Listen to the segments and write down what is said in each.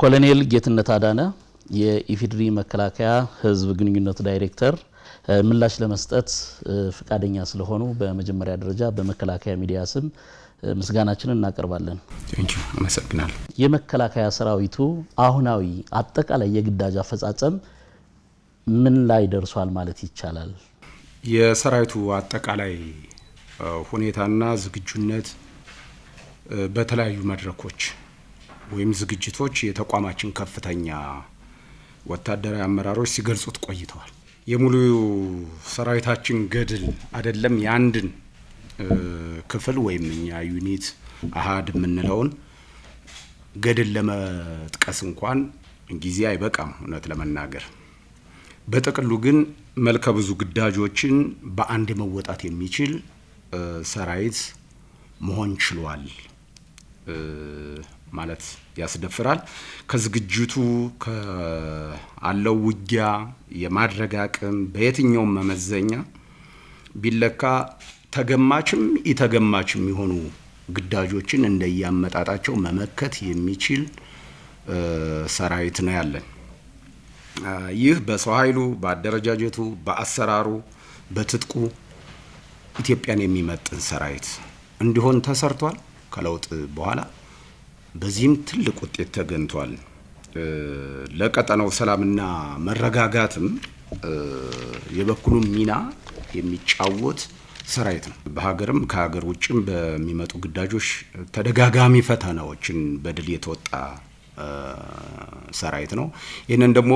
ኮሎኔል ጌትነት አዳነ የኢፌዴሪ መከላከያ ሕዝብ ግንኙነት ዳይሬክተር ምላሽ ለመስጠት ፈቃደኛ ስለሆኑ በመጀመሪያ ደረጃ በመከላከያ ሚዲያ ስም ምስጋናችንን እናቀርባለን። አመሰግናለሁ። የመከላከያ ሰራዊቱ አሁናዊ አጠቃላይ የግዳጅ አፈጻጸም ምን ላይ ደርሷል ማለት ይቻላል? የሰራዊቱ አጠቃላይ ሁኔታና ዝግጁነት በተለያዩ መድረኮች ወይም ዝግጅቶች የተቋማችን ከፍተኛ ወታደራዊ አመራሮች ሲገልጹት ቆይተዋል። የሙሉ ሰራዊታችን ገድል አይደለም የአንድን ክፍል ወይም እኛ ዩኒት አሃድ የምንለውን ገድል ለመጥቀስ እንኳን ጊዜ አይበቃም እውነት ለመናገር በጥቅሉ ግን መልከ ብዙ ግዳጆችን በአንድ መወጣት የሚችል ሰራዊት መሆን ችሏል ማለት ያስደፍራል። ከዝግጅቱ ከአለው ውጊያ የማድረግ አቅም በየትኛውም መመዘኛ ቢለካ ተገማችም ኢተገማችም የሆኑ ግዳጆችን እንደያመጣጣቸው መመከት የሚችል ሰራዊት ነው ያለን። ይህ በሰው ኃይሉ፣ በአደረጃጀቱ፣ በአሰራሩ፣ በትጥቁ ኢትዮጵያን የሚመጥን ሰራዊት እንዲሆን ተሰርቷል ከለውጥ በኋላ። በዚህም ትልቅ ውጤት ተገኝቷል። ለቀጠናው ሰላምና መረጋጋትም የበኩሉን ሚና የሚጫወት ሰራዊት ነው። በሀገርም ከሀገር ውጭም በሚመጡ ግዳጆች ተደጋጋሚ ፈተናዎችን በድል የተወጣ ሰራዊት ነው። ይህንን ደግሞ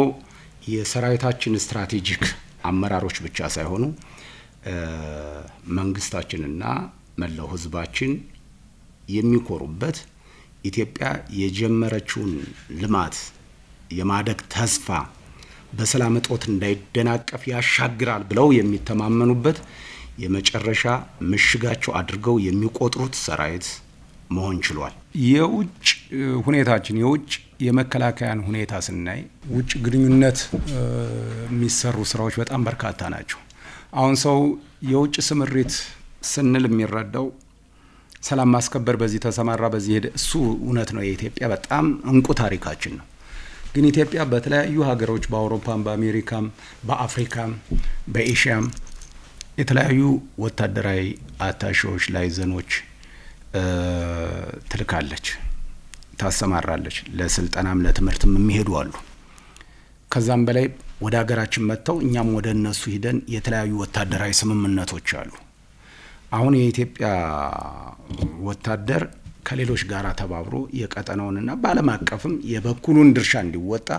የሰራዊታችን ስትራቴጂክ አመራሮች ብቻ ሳይሆኑ መንግስታችንና መላው ህዝባችን የሚኮሩበት ኢትዮጵያ የጀመረችውን ልማት የማደግ ተስፋ በሰላም እጦት እንዳይደናቀፍ ያሻግራል ብለው የሚተማመኑበት የመጨረሻ ምሽጋቸው አድርገው የሚቆጥሩት ሰራዊት መሆን ችሏል። የውጭ ሁኔታችን የውጭ የመከላከያን ሁኔታ ስናይ ውጭ ግንኙነት የሚሰሩ ስራዎች በጣም በርካታ ናቸው። አሁን ሰው የውጭ ስምሪት ስንል የሚረዳው ሰላም ማስከበር በዚህ ተሰማራ በዚህ ሄደ፣ እሱ እውነት ነው። የኢትዮጵያ በጣም እንቁ ታሪካችን ነው። ግን ኢትዮጵያ በተለያዩ ሀገሮች በአውሮፓም፣ በአሜሪካም፣ በአፍሪካም፣ በኤሽያም የተለያዩ ወታደራዊ አታሼዎች ላይ ዘኖች ትልካለች፣ ታሰማራለች። ለስልጠናም ለትምህርትም የሚሄዱ አሉ። ከዛም በላይ ወደ ሀገራችን መጥተው እኛም ወደ እነሱ ሂደን የተለያዩ ወታደራዊ ስምምነቶች አሉ። አሁን የኢትዮጵያ ወታደር ከሌሎች ጋር ተባብሮ የቀጠናውንና በዓለም አቀፍም የበኩሉን ድርሻ እንዲወጣ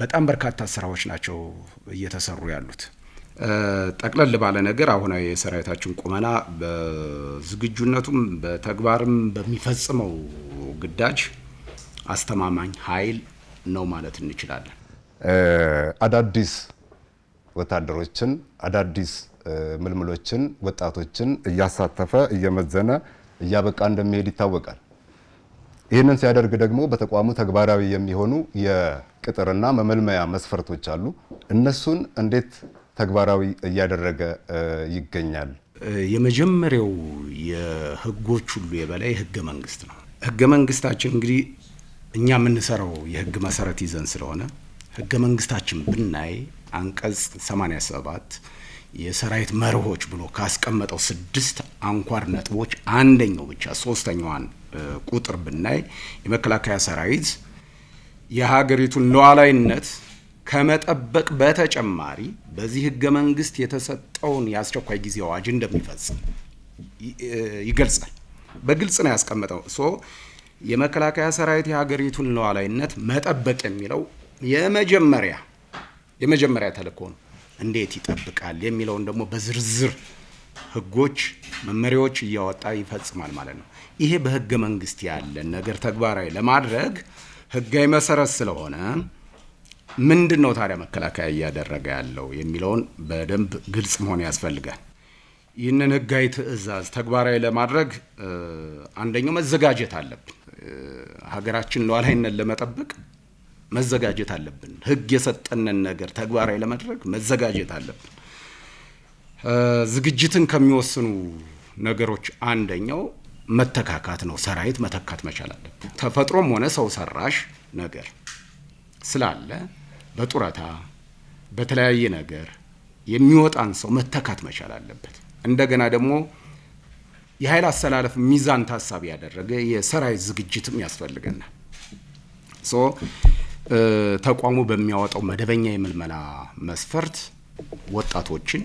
በጣም በርካታ ስራዎች ናቸው እየተሰሩ ያሉት። ጠቅለል ባለ ነገር አሁናዊ የሰራዊታችን ቁመና በዝግጁነቱም በተግባርም በሚፈጽመው ግዳጅ አስተማማኝ ኃይል ነው ማለት እንችላለን። አዳዲስ ወታደሮችን አዳዲስ ምልምሎችን ወጣቶችን እያሳተፈ እየመዘነ እያበቃ እንደሚሄድ ይታወቃል። ይህንን ሲያደርግ ደግሞ በተቋሙ ተግባራዊ የሚሆኑ የቅጥርና መመልመያ መስፈርቶች አሉ። እነሱን እንዴት ተግባራዊ እያደረገ ይገኛል። የመጀመሪያው የህጎች ሁሉ የበላይ ህገ መንግስት ነው። ህገ መንግስታችን እንግዲህ እኛ የምንሰራው የህግ መሰረት ይዘን ስለሆነ ህገ መንግስታችን ብናይ አንቀጽ 87 የሰራዊት መርሆች ብሎ ካስቀመጠው ስድስት አንኳር ነጥቦች አንደኛው ብቻ ሶስተኛዋን ቁጥር ብናይ የመከላከያ ሰራዊት የሀገሪቱን ሉዓላዊነት ከመጠበቅ በተጨማሪ በዚህ ህገ መንግስት የተሰጠውን የአስቸኳይ ጊዜ አዋጅ እንደሚፈጽም ይገልጻል። በግልጽ ነው ያስቀመጠው። ሶ የመከላከያ ሰራዊት የሀገሪቱን ሉዓላዊነት መጠበቅ የሚለው የመጀመሪያ የመጀመሪያ ተልእኮ ነው። እንዴት ይጠብቃል የሚለውን ደግሞ በዝርዝር ህጎች፣ መመሪያዎች እያወጣ ይፈጽማል ማለት ነው። ይሄ በህገ መንግስት ያለን ነገር ተግባራዊ ለማድረግ ህጋዊ መሰረት ስለሆነ ምንድን ነው ታዲያ መከላከያ እያደረገ ያለው የሚለውን በደንብ ግልጽ መሆን ያስፈልጋል። ይህንን ህጋዊ ትዕዛዝ ተግባራዊ ለማድረግ አንደኛው መዘጋጀት አለብን። ሀገራችን ሉዓላዊነት ለመጠበቅ መዘጋጀት አለብን። ህግ የሰጠንን ነገር ተግባራዊ ለማድረግ መዘጋጀት አለብን። ዝግጅትን ከሚወስኑ ነገሮች አንደኛው መተካካት ነው። ሰራዊት መተካት መቻል አለብን። ተፈጥሮም ሆነ ሰው ሰራሽ ነገር ስላለ በጡረታ በተለያየ ነገር የሚወጣን ሰው መተካት መቻል አለበት። እንደገና ደግሞ የኃይል አሰላለፍ ሚዛን ታሳቢ ያደረገ የሰራዊት ዝግጅትም ያስፈልገናል። ሶ ተቋሙ በሚያወጣው መደበኛ የምልመላ መስፈርት ወጣቶችን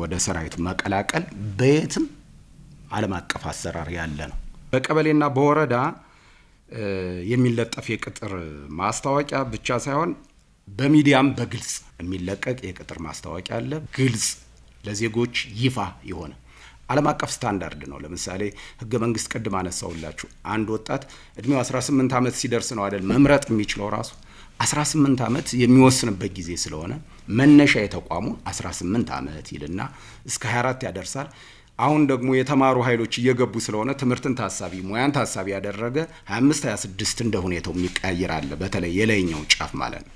ወደ ሰራዊቱ መቀላቀል በየትም ዓለም አቀፍ አሰራር ያለ ነው። በቀበሌና በወረዳ የሚለጠፍ የቅጥር ማስታወቂያ ብቻ ሳይሆን በሚዲያም በግልጽ የሚለቀቅ የቅጥር ማስታወቂያ አለ። ግልጽ ለዜጎች ይፋ የሆነ ዓለም አቀፍ ስታንዳርድ ነው። ለምሳሌ ህገ መንግስት ቅድም አነሳውላችሁ። አንድ ወጣት እድሜው 18 ዓመት ሲደርስ ነው አይደል መምረጥ የሚችለው ራሱ 18 ዓመት የሚወስንበት ጊዜ ስለሆነ መነሻ የተቋሙ 18 ዓመት ይልና እስከ 24 ያደርሳል። አሁን ደግሞ የተማሩ ኃይሎች እየገቡ ስለሆነ ትምህርትን ታሳቢ ሙያን ታሳቢ ያደረገ 25 26 እንደ ሁኔታው የሚቀያየር አለ። በተለይ የላይኛው ጫፍ ማለት ነው።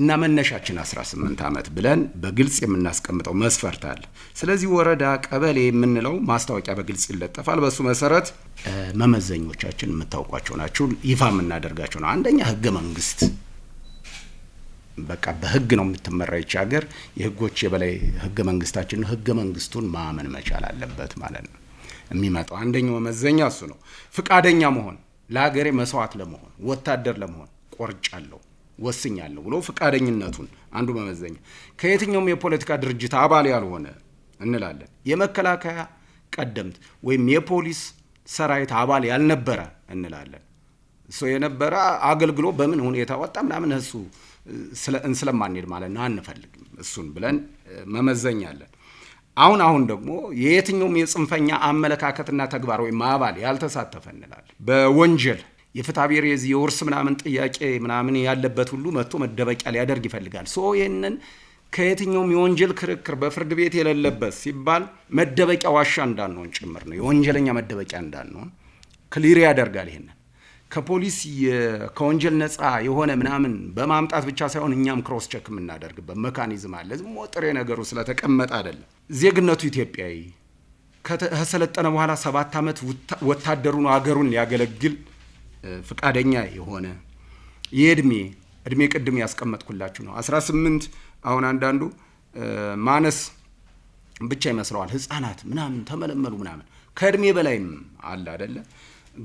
እና መነሻችን 18 ዓመት ብለን በግልጽ የምናስቀምጠው መስፈርት አለ። ስለዚህ ወረዳ፣ ቀበሌ የምንለው ማስታወቂያ በግልጽ ይለጠፋል። በሱ መሰረት መመዘኞቻችን የምታውቋቸው ናቸው፣ ይፋ የምናደርጋቸው ነው። አንደኛ ህገ መንግስት፣ በቃ በህግ ነው የምትመራ ይች ሀገር። የህጎች የበላይ ህገ መንግስታችን፣ ህገ መንግስቱን ማመን መቻል አለበት ማለት ነው። የሚመጣው አንደኛው መመዘኛ እሱ ነው። ፍቃደኛ መሆን፣ ለሀገሬ መስዋዕት ለመሆን፣ ወታደር ለመሆን ቆርጫለሁ ወስኛለሁ ብሎ ፈቃደኝነቱን አንዱ መመዘኛ ከየትኛውም የፖለቲካ ድርጅት አባል ያልሆነ እንላለን። የመከላከያ ቀደምት ወይም የፖሊስ ሰራዊት አባል ያልነበረ እንላለን። እሱ የነበረ አገልግሎ በምን ሁኔታ ወጣ ምናምን እሱ ስለማንሄድ ማለት ነው አንፈልግም። እሱን ብለን መመዘኛለን። አሁን አሁን ደግሞ የየትኛውም የጽንፈኛ አመለካከትና ተግባር ወይም አባል ያልተሳተፈ እንላለን በወንጀል ብሔር የዚህ የውርስ ምናምን ጥያቄ ምናምን ያለበት ሁሉ መጥቶ መደበቂያ ሊያደርግ ይፈልጋል። ሶ ይህንን ከየትኛውም የወንጀል ክርክር በፍርድ ቤት የሌለበት ሲባል መደበቂያ ዋሻ እንዳንሆን ጭምር ነው፣ የወንጀለኛ መደበቂያ እንዳንሆን ክሊር ያደርጋል። ይሄንን ከፖሊስ ከወንጀል ነፃ የሆነ ምናምን በማምጣት ብቻ ሳይሆን እኛም ክሮስ ቸክ የምናደርግበት መካኒዝም አለ። ዝም ጥሬ ነገሩ ስለተቀመጠ አይደለም። ዜግነቱ ኢትዮጵያዊ ከሰለጠነ በኋላ ሰባት ዓመት ወታደሩን አገሩን ሊያገለግል ፍቃደኛ የሆነ የእድሜ እድሜ ቅድም ያስቀመጥኩላችሁ ነው። 18 አሁን አንዳንዱ ማነስ ብቻ ይመስለዋል። ህፃናት ምናምን ተመለመሉ ምናምን ከእድሜ በላይም አለ አደለ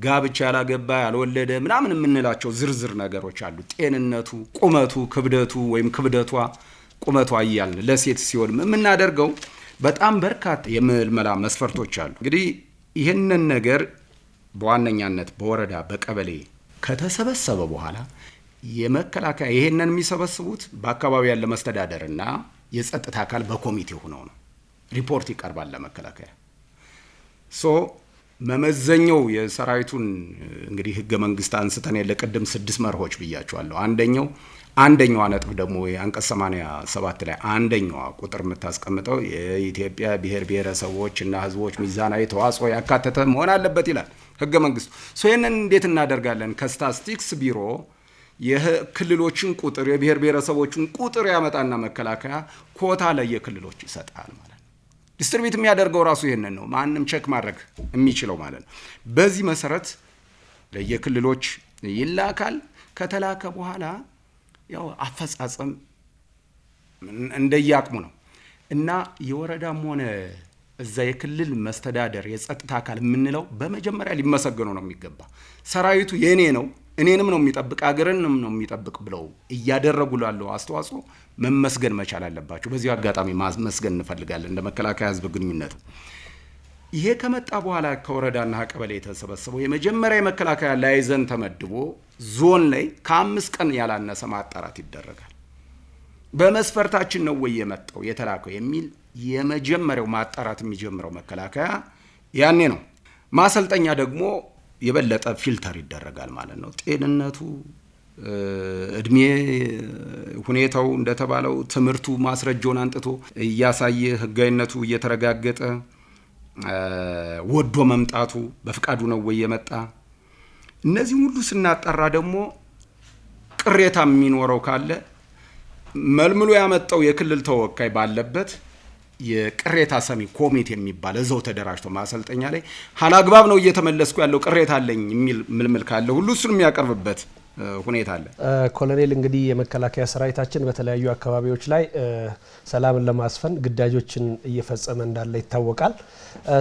ጋብቻ ያላገባ ያልወለደ ምናምን የምንላቸው ዝርዝር ነገሮች አሉ። ጤንነቱ፣ ቁመቱ፣ ክብደቱ ወይም ክብደቷ ቁመቷ እያልን ለሴት ሲሆን የምናደርገው በጣም በርካታ የምልመላ መስፈርቶች አሉ። እንግዲህ ይህንን ነገር በዋነኛነት በወረዳ በቀበሌ ከተሰበሰበ በኋላ የመከላከያ ይሄንን የሚሰበስቡት በአካባቢ ያለ መስተዳደርና የጸጥታ አካል በኮሚቴ ሆነው ነው። ሪፖርት ይቀርባል ለመከላከያ። ሶ መመዘኛው የሰራዊቱን እንግዲህ ህገ መንግስት አንስተን ያለ ቅድም ስድስት መርሆች ብያቸዋለሁ። አንደኛው አንደኛዋ ነጥብ ደግሞ አንቀጽ 87 ላይ አንደኛዋ ቁጥር የምታስቀምጠው የኢትዮጵያ ብሔር ብሔረሰቦች እና ሕዝቦች ሚዛናዊ ተዋጽኦ ያካተተ መሆን አለበት ይላል ህገ መንግስቱ። ይህንን እንዴት እናደርጋለን? ከስታስቲክስ ቢሮ የክልሎችን ቁጥር የብሔር ብሔረሰቦችን ቁጥር ያመጣና መከላከያ ኮታ ለየክልሎች ይሰጣል ማለት ነው። ዲስትሪቢዩት የሚያደርገው ራሱ ይህንን ነው፣ ማንም ቸክ ማድረግ የሚችለው ማለት ነው። በዚህ መሰረት ለየክልሎች ይላካል። ከተላከ በኋላ ያው አፈጻጸም እንደየአቅሙ ነው እና የወረዳም ሆነ እዛ የክልል መስተዳደር የጸጥታ አካል የምንለው በመጀመሪያ ሊመሰገኑ ነው የሚገባ። ሰራዊቱ የእኔ ነው እኔንም ነው የሚጠብቅ አገርንም ነው የሚጠብቅ ብለው እያደረጉ ላለው አስተዋጽኦ መመስገን መቻል አለባቸው። በዚሁ አጋጣሚ ማመስገን እንፈልጋለን እንደ መከላከያ ህዝብ ግንኙነቱ ይሄ ከመጣ በኋላ ከወረዳና ቀበሌ የተሰበሰበው የመጀመሪያ የመከላከያ ላይዘን ተመድቦ ዞን ላይ ከአምስት ቀን ያላነሰ ማጣራት ይደረጋል። በመስፈርታችን ነው ወይ የመጣው የተላከው የሚል የመጀመሪያው ማጣራት የሚጀምረው መከላከያ ያኔ ነው። ማሰልጠኛ ደግሞ የበለጠ ፊልተር ይደረጋል ማለት ነው። ጤንነቱ፣ እድሜ፣ ሁኔታው እንደተባለው ትምህርቱ ማስረጃውን አንጥቶ እያሳየ ህጋዊነቱ እየተረጋገጠ ወዶ መምጣቱ በፍቃዱ ነው ወይ የመጣ? እነዚህ ሁሉ ስናጠራ ደግሞ ቅሬታ የሚኖረው ካለ መልምሎ ያመጣው የክልል ተወካይ ባለበት የቅሬታ ሰሚ ኮሚቴ የሚባል እዛው ተደራጅቶ ማሰልጠኛ ላይ ሀላግባብ ነው እየተመለስኩ ያለው ቅሬታ አለኝ የሚል ምልምል ካለ ሁሉ እሱን የሚያቀርብበት ሁኔታ አለ። ኮሎኔል እንግዲህ የመከላከያ ሰራዊታችን በተለያዩ አካባቢዎች ላይ ሰላምን ለማስፈን ግዳጆችን እየፈጸመ እንዳለ ይታወቃል።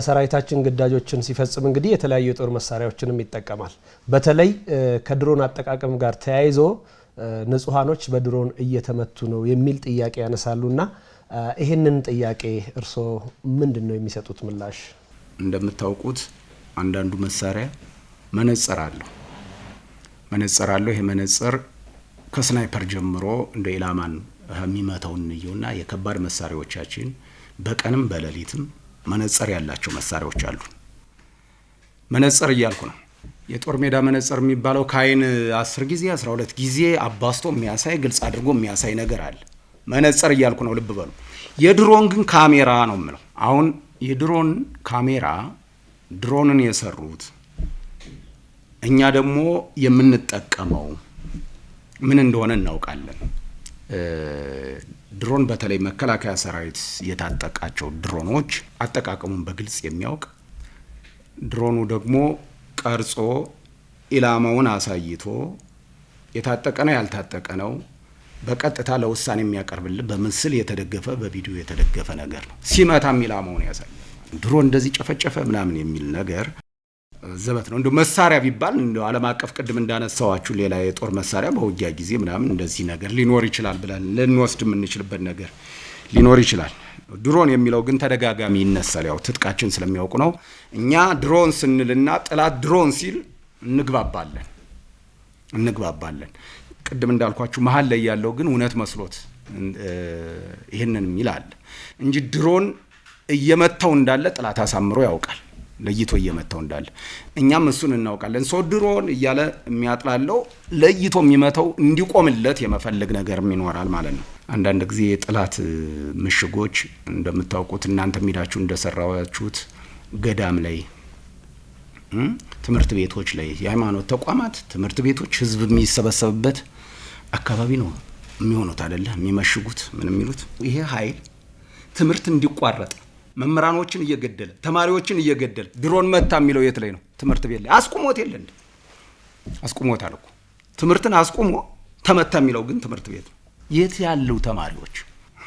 ሰራዊታችን ግዳጆችን ሲፈጽም እንግዲህ የተለያዩ የጦር መሳሪያዎችንም ይጠቀማል። በተለይ ከድሮን አጠቃቀም ጋር ተያይዞ ንጹሐኖች በድሮን እየተመቱ ነው የሚል ጥያቄ ያነሳሉና ይህንን ጥያቄ እርስዎ ምንድን ነው የሚሰጡት ምላሽ? እንደምታውቁት አንዳንዱ መሳሪያ መነጽር አለሁ መነጽር አለው። ይሄ መነጽር ከስናይፐር ጀምሮ እንደ ኢላማን የሚመታውን እንየውና የከባድ መሳሪያዎቻችን በቀንም በሌሊትም መነጽር ያላቸው መሳሪያዎች አሉ። መነጽር እያልኩ ነው። የጦር ሜዳ መነጽር የሚባለው ከአይን 10 ጊዜ 12 ጊዜ አባስቶ የሚያሳይ ግልጽ አድርጎ የሚያሳይ ነገር አለ። መነጽር እያልኩ ነው፣ ልብ በሉ። የድሮን ግን ካሜራ ነው የምለው። አሁን የድሮን ካሜራ ድሮንን የሰሩት እኛ ደግሞ የምንጠቀመው ምን እንደሆነ እናውቃለን። ድሮን በተለይ መከላከያ ሰራዊት የታጠቃቸው ድሮኖች አጠቃቀሙን በግልጽ የሚያውቅ ድሮኑ ደግሞ ቀርጾ ኢላማውን አሳይቶ የታጠቀ ነው ያልታጠቀ ነው በቀጥታ ለውሳኔ የሚያቀርብልን በምስል የተደገፈ በቪዲዮ የተደገፈ ነገር ነው። ሲመታም ኢላማውን ያሳያል። ድሮ እንደዚህ ጨፈጨፈ ምናምን የሚል ነገር ዘበት ነው። እንደ መሳሪያ ቢባል እንደ ዓለም አቀፍ ቅድም እንዳነሳዋችሁ ሌላ የጦር መሳሪያ በውጊያ ጊዜ ምናምን እንደዚህ ነገር ሊኖር ይችላል ብለን ልንወስድ የምንችልበት ነገር ሊኖር ይችላል። ድሮን የሚለው ግን ተደጋጋሚ ይነሳል። ያው ትጥቃችን ስለሚያውቁ ነው። እኛ ድሮን ስንልና ጠላት ድሮን ሲል እንግባባለን እንግባባለን። ቅድም እንዳልኳችሁ መሀል ላይ ያለው ግን እውነት መስሎት ይህንን የሚል አለ እንጂ ድሮን እየመታው እንዳለ ጠላት አሳምሮ ያውቃል። ለይቶ እየመታው እንዳለ እኛም እሱን እናውቃለን። ሰው ድሮን እያለ የሚያጥላለው ለይቶ የሚመታው እንዲቆምለት የመፈለግ ነገርም ይኖራል ማለት ነው። አንዳንድ ጊዜ የጥላት ምሽጎች እንደምታውቁት እናንተ ሚዳችሁ እንደሰራችሁት ገዳም ላይ፣ ትምህርት ቤቶች ላይ፣ የሃይማኖት ተቋማት፣ ትምህርት ቤቶች፣ ህዝብ የሚሰበሰብበት አካባቢ ነው የሚሆኑት አደለ? የሚመሽጉት ምን የሚሉት ይሄ ሀይል ትምህርት እንዲቋረጥ መምህራኖችን እየገደለ ተማሪዎችን እየገደለ ድሮን መታ የሚለው የት ላይ ነው? ትምህርት ቤት ላይ አስቁሞት የለ እንደ አስቁሞታል ትምህርትን አስቁሞ ተመታ የሚለው ግን ትምህርት ቤት ነው። የት ያለው ተማሪዎች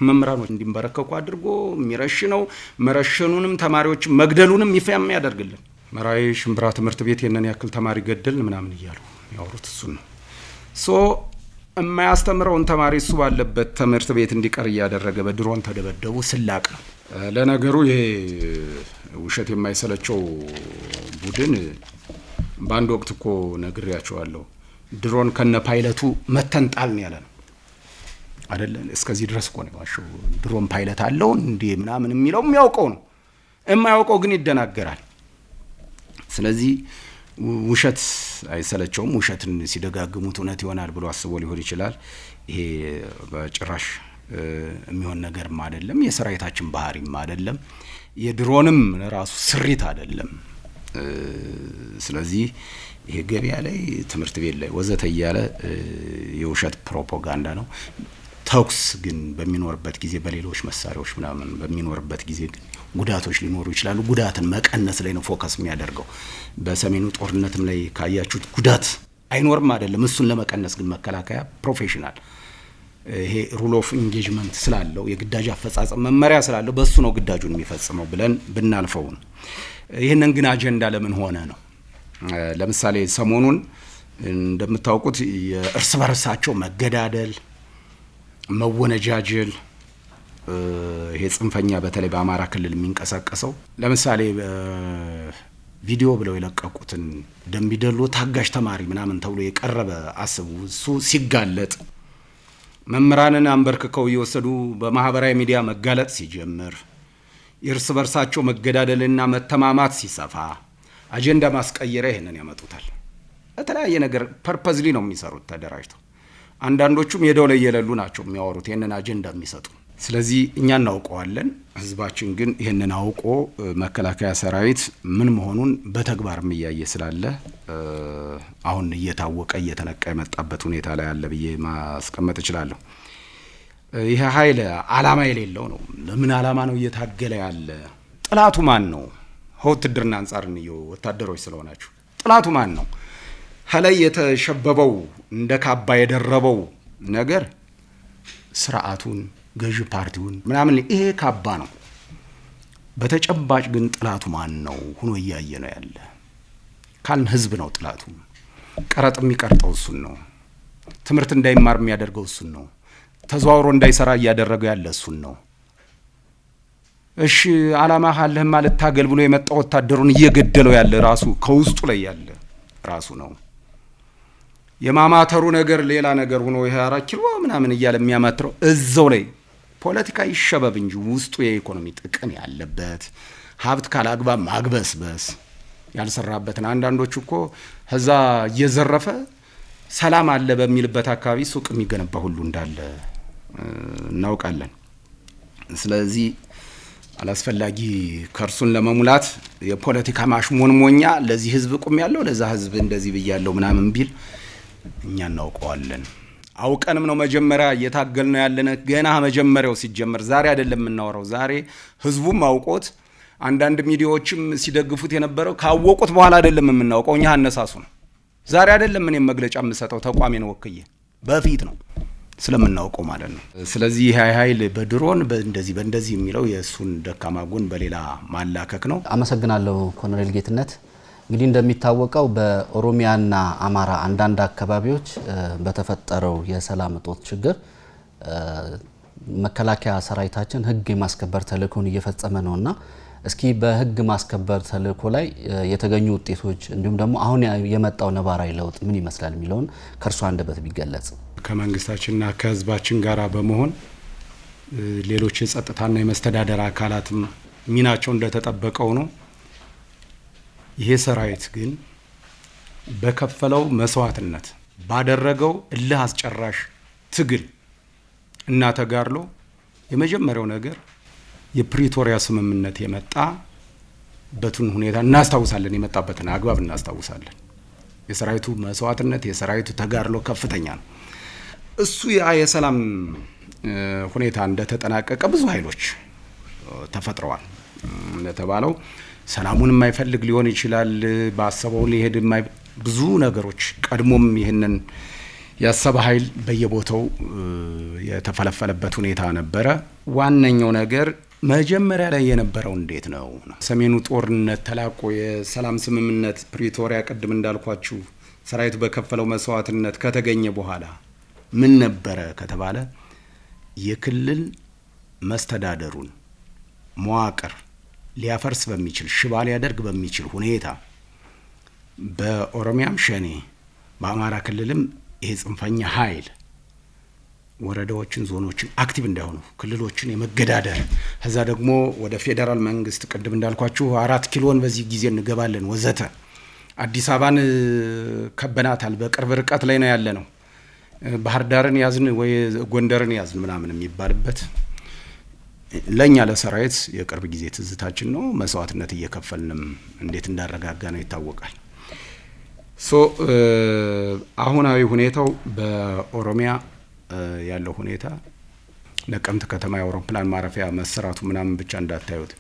መምህራኖች እንዲንበረከኩ አድርጎ ነው። መረሸኑንም ተማሪዎች መግደሉንም ይፋ የሚያደርግልን መራዊ ሽምብራ ትምህርት ቤት የነን ያክል ተማሪ ገደልን ምናምን እያሉ ያወሩት እሱን ነው ሶ የማያስተምረውን ተማሪ እሱ ባለበት ትምህርት ቤት እንዲቀር እያደረገ በድሮን ተደበደቡ ስላቅ ነው። ለነገሩ ይሄ ውሸት የማይሰለቸው ቡድን በአንድ ወቅት እኮ ነግሬያቸዋለሁ። ድሮን ከነ ፓይለቱ መተንጣል ነው ያለ ነው አደለ? እስከዚህ ድረስ እኮ ነው የዋሸው። ድሮን ፓይለት አለው እንዲህ ምናምን የሚለው የሚያውቀው ነው፣ የማያውቀው ግን ይደናገራል። ስለዚህ ውሸት አይሰለቸውም። ውሸትን ሲደጋግሙት እውነት ይሆናል ብሎ አስቦ ሊሆን ይችላል። ይሄ በጭራሽ የሚሆን ነገርም አይደለም። የሰራዊታችን ባህሪም አይደለም። የድሮንም ራሱ ስሪት አይደለም። ስለዚህ ይሄ ገበያ ላይ፣ ትምህርት ቤት ላይ ወዘተ እያለ የውሸት ፕሮፓጋንዳ ነው። ተኩስ ግን በሚኖርበት ጊዜ በሌሎች መሳሪያዎች ምናምን በሚኖርበት ጊዜ ግን ጉዳቶች ሊኖሩ ይችላሉ። ጉዳትን መቀነስ ላይ ነው ፎከስ የሚያደርገው። በሰሜኑ ጦርነትም ላይ ካያችሁት ጉዳት አይኖርም አይደለም። እሱን ለመቀነስ ግን መከላከያ ፕሮፌሽናል ይሄ ሩል ኦፍ ኢንጌጅመንት ስላለው የግዳጅ አፈጻጸም መመሪያ ስላለው በእሱ ነው ግዳጁን የሚፈጽመው ብለን ብናልፈው ነው። ይህንን ግን አጀንዳ ለምን ሆነ ነው። ለምሳሌ ሰሞኑን እንደምታውቁት የእርስ በርሳቸው መገዳደል፣ መወነጃጀል ይሄ ጽንፈኛ በተለይ በአማራ ክልል የሚንቀሳቀሰው ለምሳሌ ቪዲዮ ብለው የለቀቁትን ደንቢደሎ ታጋሽ ተማሪ ምናምን ተብሎ የቀረበ አስቡ እሱ ሲጋለጥ መምህራንን አንበርክከው እየወሰዱ በማህበራዊ ሚዲያ መጋለጥ ሲጀምር የእርስ በርሳቸው መገዳደልና መተማማት ሲሰፋ አጀንዳ ማስቀየረ ይህንን ያመጡታል። በተለያየ ነገር ፐርፐዝሊ ነው የሚሰሩት ተደራጅተው። አንዳንዶቹም የደው ላይ የሌሉ ናቸው የሚያወሩት ይህንን አጀንዳ የሚሰጡ ስለዚህ እኛ እናውቀዋለን። ህዝባችን ግን ይህንን አውቆ መከላከያ ሰራዊት ምን መሆኑን በተግባር እያየ ስላለ አሁን እየታወቀ እየተነቃ የመጣበት ሁኔታ ላይ አለ ብዬ ማስቀመጥ እችላለሁ። ይህ ኃይል አላማ የሌለው ነው። ለምን አላማ ነው እየታገለ ያለ? ጥላቱ ማን ነው? ከውትድርና አንጻር እንየው። ወታደሮች ስለሆናችሁ ጥላቱ ማን ነው? ከላይ የተሸበበው እንደ ካባ የደረበው ነገር ስርዓቱን ገዢ ፓርቲውን ምናምን ይሄ ካባ ነው። በተጨባጭ ግን ጥላቱ ማን ነው ሆኖ እያየ ነው ያለ ካልን ህዝብ ነው ጥላቱ። ቀረጥ የሚቀርጠው እሱን ነው። ትምህርት እንዳይማር የሚያደርገው እሱን ነው። ተዘዋውሮ እንዳይሰራ እያደረገው ያለ እሱን ነው። እሺ አላማ ካለህም ማለት ታገል ብሎ የመጣ ወታደሩን እየገደለው ያለ ራሱ ከውስጡ ላይ ያለ ራሱ ነው። የማማተሩ ነገር ሌላ ነገር ሆኖ ይሄ አራት ኪሎ ምናምን እያለ የሚያማትረው እዛው ላይ ፖለቲካ ይሸበብ እንጂ ውስጡ የኢኮኖሚ ጥቅም ያለበት ሀብት ካላግባብ ማግበስበስ ያልሰራበትን አንዳንዶች እኮ እዛ እየዘረፈ ሰላም አለ በሚልበት አካባቢ ሱቅ የሚገነባ ሁሉ እንዳለ እናውቃለን። ስለዚህ አላስፈላጊ ከርሱን ለመሙላት የፖለቲካ ሞኛ ለዚህ ህዝብ ቁም ያለው ለዛ ህዝብ እንደዚህ ብያለው ምናምን ቢል እኛ እናውቀዋለን። አውቀንም ነው መጀመሪያ እየታገልነው ያለን። ገና መጀመሪያው ሲጀመር ዛሬ አይደለም የምናወራው። ዛሬ ህዝቡም አውቆት አንዳንድ ሚዲያዎችም ሲደግፉት የነበረው ካወቁት በኋላ አይደለም የምናውቀው፣ እኛ አነሳሱ ነው። ዛሬ አይደለም እኔም መግለጫ የምሰጠው ተቋሜን ወክዬ በፊት ነው ስለምናውቀው ማለት ነው። ስለዚህ ይህ ኃይል በድሮን በእንደዚህ በእንደዚህ የሚለው የእሱን ደካማ ጎን በሌላ ማላከክ ነው። አመሰግናለሁ ኮሎኔል ጌትነት። እንግዲህ እንደሚታወቀው በኦሮሚያና አማራ አንዳንድ አካባቢዎች በተፈጠረው የሰላም እጦት ችግር መከላከያ ሰራዊታችን ህግ የማስከበር ተልእኮን እየፈጸመ እና እስኪ በህግ ማስከበር ተልእኮ ላይ የተገኙ ውጤቶች እንዲሁም ደግሞ አሁን የመጣው ነባራዊ ለውጥ ምን ይመስላል የሚለውን ከእርሱ አንደበት ቢገለጽ። ከመንግስታችንና ከህዝባችን ጋራ በመሆን ሌሎች የጸጥታና የመስተዳደር አካላትም ሚናቸው እንደተጠበቀው ነው። ይሄ ሰራዊት ግን በከፈለው መስዋዕትነት ባደረገው እልህ አስጨራሽ ትግል እና ተጋድሎ የመጀመሪያው ነገር የፕሪቶሪያ ስምምነት በቱን ሁኔታ እናስታውሳለን። የመጣበትን አግባብ እናስታውሳለን። የሰራዊቱ መስዋዕትነት፣ የሰራዊቱ ተጋድሎ ከፍተኛ ነው። እሱ ያ የሰላም ሁኔታ እንደተጠናቀቀ ብዙ ኃይሎች ተፈጥረዋል እንደተባለው ሰላሙን የማይፈልግ ሊሆን ይችላል። በአሰበው ሊሄድ ብዙ ነገሮች ቀድሞም ይህንን ያሰበ ኃይል በየቦታው የተፈለፈለበት ሁኔታ ነበረ። ዋነኛው ነገር መጀመሪያ ላይ የነበረው እንዴት ነው? ሰሜኑ ጦርነት ተላቆ የሰላም ስምምነት ፕሪቶሪያ፣ ቅድም እንዳልኳችሁ ሰራዊቱ በከፈለው መስዋዕትነት ከተገኘ በኋላ ምን ነበረ ከተባለ የክልል መስተዳደሩን መዋቅር ሊያፈርስ በሚችል ሽባ ሊያደርግ በሚችል ሁኔታ በኦሮሚያም ሸኔ በአማራ ክልልም ይሄ ጽንፈኛ ኃይል ወረዳዎችን፣ ዞኖችን አክቲቭ እንዳይሆኑ ክልሎችን የመገዳደር ከዛ ደግሞ ወደ ፌዴራል መንግስት ቅድም እንዳልኳችሁ አራት ኪሎን በዚህ ጊዜ እንገባለን ወዘተ አዲስ አበባን ከበናታል፣ በቅርብ ርቀት ላይ ነው ያለ ነው። ባህር ዳርን ያዝን ወይ ጎንደርን ያዝን ምናምን የሚባልበት ለእኛ ለሰራዊት የቅርብ ጊዜ ትዝታችን ነው። መስዋዕትነት እየከፈልንም እንዴት እንዳረጋጋ ነው ይታወቃል። ሶ አሁናዊ ሁኔታው በኦሮሚያ ያለው ሁኔታ ነቀምት ከተማ የአውሮፕላን ማረፊያ መሰራቱ ምናምን ብቻ እንዳታዩት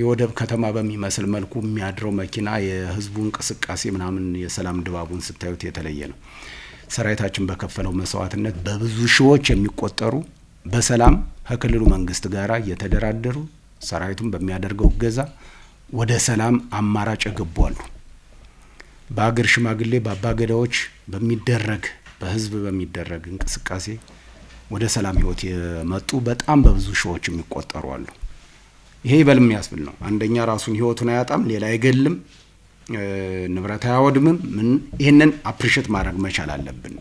የወደብ ከተማ በሚመስል መልኩ የሚያድረው መኪና የህዝቡ እንቅስቃሴ ምናምን የሰላም ድባቡን ስታዩት የተለየ ነው። ሰራዊታችን በከፈለው መስዋዕትነት በብዙ ሺዎች የሚቆጠሩ በሰላም ከክልሉ መንግስት ጋር እየተደራደሩ ሰራዊቱን በሚያደርገው እገዛ ወደ ሰላም አማራጭ የገቡ አሉ። በሀገር ሽማግሌ በአባገዳዎች በሚደረግ በህዝብ በሚደረግ እንቅስቃሴ ወደ ሰላም ህይወት የመጡ በጣም በብዙ ሺዎች የሚቆጠሩ አሉ። ይሄ ይበል የሚያስብል ነው። አንደኛ ራሱን ህይወቱን አያጣም፣ ሌላ አይገልም፣ ንብረት አያወድምም። ምን ይህንን አፕሪሽት ማድረግ መቻል አለብን።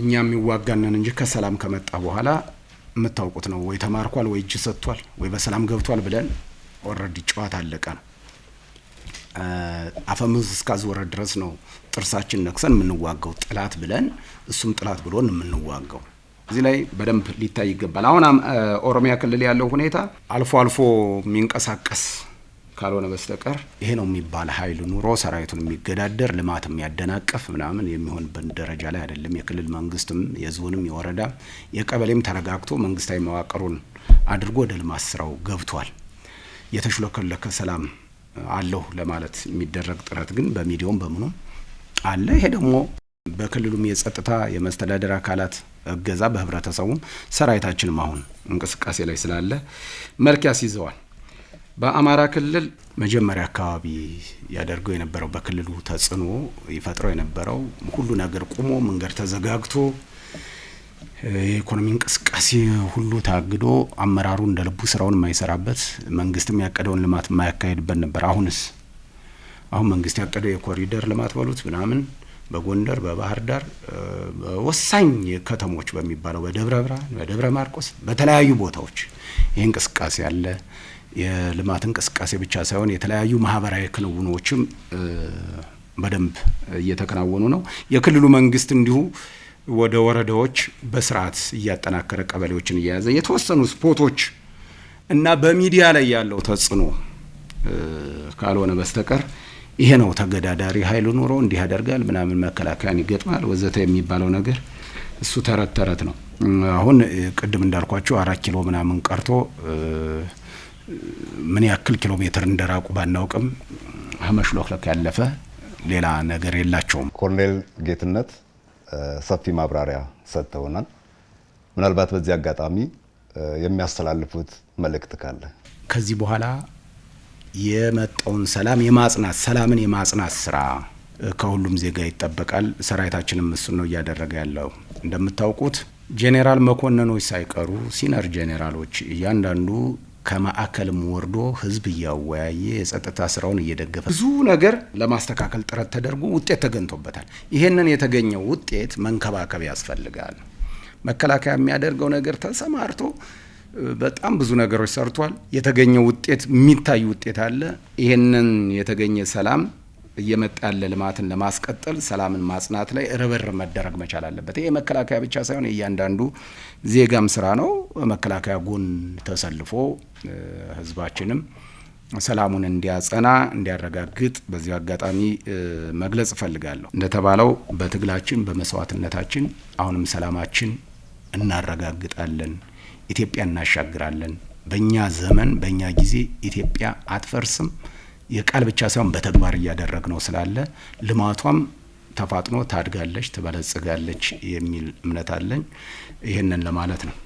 እኛ የሚዋጋነን እንጂ ከሰላም ከመጣ በኋላ የምታውቁት ነው ወይ ተማርኳል ወይ እጅ ሰጥቷል ወይ በሰላም ገብቷል ብለን ኦልሬዲ ጨዋታ አለቀ ነው። አፈሙዝ እስካዞረ ድረስ ነው ጥርሳችን ነክሰን የምንዋጋው ጥላት ብለን እሱም ጥላት ብሎን የምንዋጋው። እዚህ ላይ በደንብ ሊታይ ይገባል። አሁን ኦሮሚያ ክልል ያለው ሁኔታ አልፎ አልፎ የሚንቀሳቀስ ካልሆነ በስተቀር ይሄ ነው የሚባል ኃይል ኑሮ ሰራዊቱን የሚገዳደር ልማት የሚያደናቅፍ ምናምን የሚሆንበት ደረጃ ላይ አይደለም። የክልል መንግስትም የዞንም የወረዳም የቀበሌም ተረጋግቶ መንግስታዊ መዋቅሩን አድርጎ ወደ ልማት ስራው ገብቷል። የተሽለከለከ ሰላም አለሁ ለማለት የሚደረግ ጥረት ግን በሚዲያውም በምኑም አለ። ይሄ ደግሞ በክልሉም የጸጥታ የመስተዳደር አካላት እገዛ በህብረተሰቡም ሰራዊታችንም አሁን እንቅስቃሴ ላይ ስላለ መልክ ያስይዘዋል። በአማራ ክልል መጀመሪያ አካባቢ ያደርገው የነበረው በክልሉ ተጽዕኖ ይፈጥረው የነበረው ሁሉ ነገር ቁሞ መንገድ ተዘጋግቶ የኢኮኖሚ እንቅስቃሴ ሁሉ ታግዶ አመራሩ እንደ ልቡ ስራውን የማይሰራበት መንግስትም ያቀደውን ልማት የማያካሄድበት ነበር። አሁንስ አሁን መንግስት ያቀደው የኮሪደር ልማት በሉት ምናምን በጎንደር በባህር ዳር በወሳኝ ከተሞች በሚባለው በደብረ ብርሃን፣ በደብረ ማርቆስ፣ በተለያዩ ቦታዎች ይህ እንቅስቃሴ አለ። የልማት እንቅስቃሴ ብቻ ሳይሆን የተለያዩ ማህበራዊ ክንውኖችም በደንብ እየተከናወኑ ነው። የክልሉ መንግስት እንዲሁ ወደ ወረዳዎች በስርዓት እያጠናከረ ቀበሌዎችን እየያዘ የተወሰኑ ስፖቶች እና በሚዲያ ላይ ያለው ተጽዕኖ ካልሆነ በስተቀር ይሄ ነው ተገዳዳሪ ኃይል ኑሮ እንዲህ ያደርጋል ምናምን መከላከያን ይገጥማል ወዘተ የሚባለው ነገር እሱ ተረት ተረት ነው። አሁን ቅድም እንዳልኳቸው አራት ኪሎ ምናምን ቀርቶ ምን ያክል ኪሎ ሜትር እንደራቁ ባናውቅም ሀመሽሎክለክ ያለፈ ሌላ ነገር የላቸውም። ኮሎኔል ጌትነት ሰፊ ማብራሪያ ሰጥተውናል። ምናልባት በዚህ አጋጣሚ የሚያስተላልፉት መልእክት ካለ ከዚህ በኋላ የመጣውን ሰላም የማጽናት ሰላምን የማጽናት ስራ ከሁሉም ዜጋ ይጠበቃል። ሰራዊታችንም እሱ ነው እያደረገ ያለው። እንደምታውቁት ጄኔራል መኮንኖች ሳይቀሩ ሲነር ጄኔራሎች እያንዳንዱ ከማዕከልም ወርዶ ህዝብ እያወያየ የጸጥታ ስራውን እየደገፈ ብዙ ነገር ለማስተካከል ጥረት ተደርጎ ውጤት ተገኝቶበታል። ይህንን የተገኘው ውጤት መንከባከብ ያስፈልጋል። መከላከያ የሚያደርገው ነገር ተሰማርቶ በጣም ብዙ ነገሮች ሰርቷል። የተገኘው ውጤት የሚታይ ውጤት አለ። ይህንን የተገኘ ሰላም እየመጣ ያለ ልማትን ለማስቀጠል ሰላምን ማጽናት ላይ ርብርብ መደረግ መቻል አለበት። ይሄ መከላከያ ብቻ ሳይሆን የእያንዳንዱ ዜጋም ስራ ነው። መከላከያ ጎን ተሰልፎ ህዝባችንም ሰላሙን እንዲያጸና እንዲያረጋግጥ በዚሁ አጋጣሚ መግለጽ እፈልጋለሁ። እንደተባለው በትግላችን በመስዋዕትነታችን አሁንም ሰላማችን እናረጋግጣለን፣ ኢትዮጵያ እናሻግራለን። በእኛ ዘመን በእኛ ጊዜ ኢትዮጵያ አትፈርስም። የቃል ብቻ ሳይሆን በተግባር እያደረግ ነው ስላለ ልማቷም ተፋጥኖ ታድጋለች፣ ትበለጽጋለች የሚል እምነት አለኝ። ይህንን ለማለት ነው።